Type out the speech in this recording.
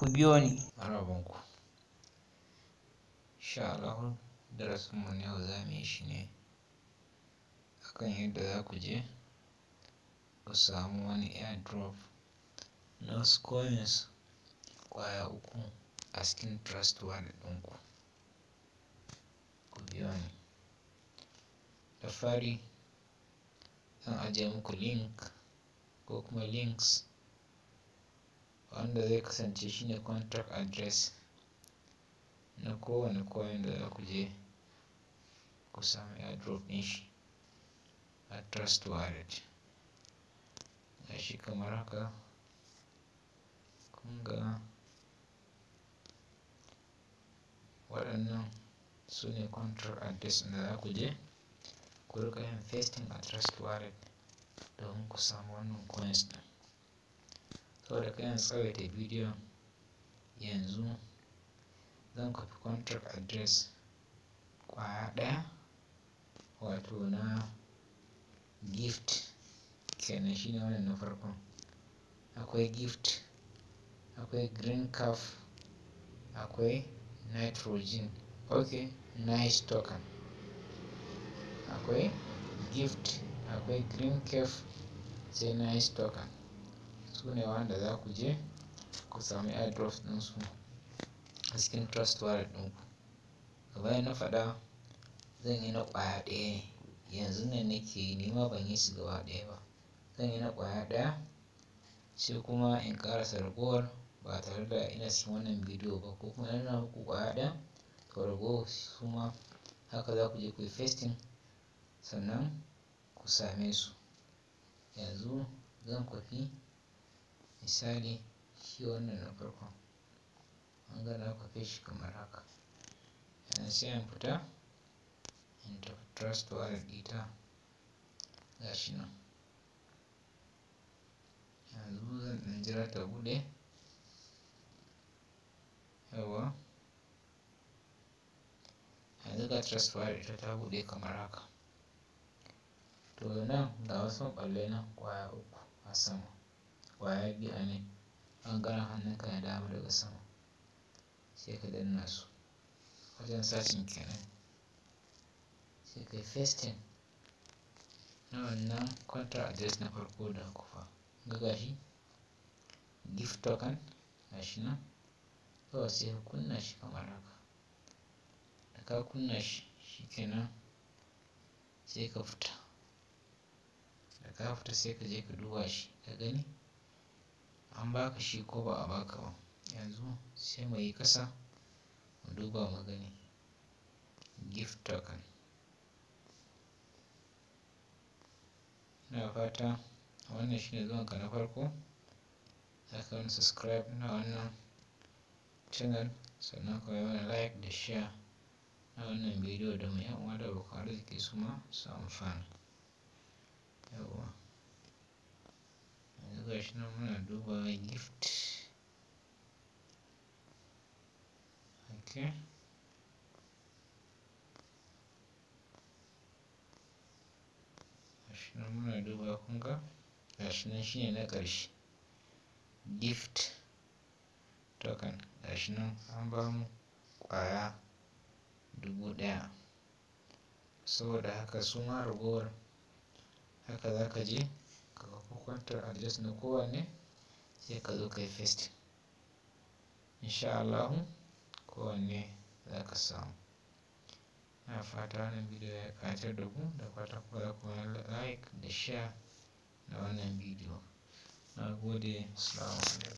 ku biyo ni marabanku sha Allah darasinmu na yau za mu yi shi ne akan yadda za ku je ku samu wani airdrop na wasu coins kwaya uku a cikin trust wallet ɗinku ku biyo ni da fari zan ajiye muku link ko kuma links wanda zai kasance shine contract address na kowane coin da za ku je ku samu airdrop shi a trust wallet ga shi kamar haka kun waɗannan su ne contract address da za ku je ku a trust wallet domin ku samu wannan coins saboda kayan tsawaita bidiyon yanzu zan kwafi contract address kwaya daya wato na gift kenan ne wannan na farkon akwai gift akwai green cap akwai nitrogen ok nice token akwai gift akwai green cap sai nice token su ne wanda za ku je ku sami airdrops ɗinsu a cikin trust wallet ɗinku kamar yadda na faɗa zan yi na ƙwaya ɗaya ne yanzu nan nake yi nima ban yi su gaba ɗaya ba zan yi na ƙwaya ɗaya sai kuma in ƙarasa ragowar ba tare da ina cikin wannan bidiyo ba ko kuma yana ku ƙwaya ɗaya to ragowar ma haka za ku je ku yi festing sannan ku same su yanzu zan kwafi misali shi wannan na farko an gana kwafe shi kamar haka yanzu sai in fita in tafi trust wallet ɗita ga shi nan yanzu zan ɗan jira ta buɗe yawa yanzu ga trust wallet ita ta buɗe kamar haka to nan ga wasu ƙwallo nan ƙwaya uku a sama waya a ne ɓangaren hannunka ya dama daga sama sai ka danna su wajen sashin kenan sai ka yi festin na wannan contact address na farko da kufa ga gashi gift token gashi nan kawai sai ka kunna shi kamar haka da ka kunna shi kenan sai ka fita da ka fita sai ka je ka duba shi ka gani an baka shi ko ba a baka ba yanzu sai mu yi kasa mu duba mu gani gift token ina fata wannan shine zuma na farko za ka wani subscribe na wannan channel sannan kawai wani like da share na wannan bidiyo da mai 'yan uwa da abokan arziki su ma su yanzu gashi nan muna duba gift okay gashi nan muna duba kunga gashi nan shine na ƙarshe gift token gashi nan an ba mu ƙwaya dubu ɗaya saboda haka su ma ragowar haka za ka je ka ɗauko kwantar address na kowanne sai ka zo ka yi paste insha Allah kowanne za ka samu na fata wannan bidiyo ya ƙayatar da ku da fatan ku za like da share na wannan bidiyo na gode salamu alaikum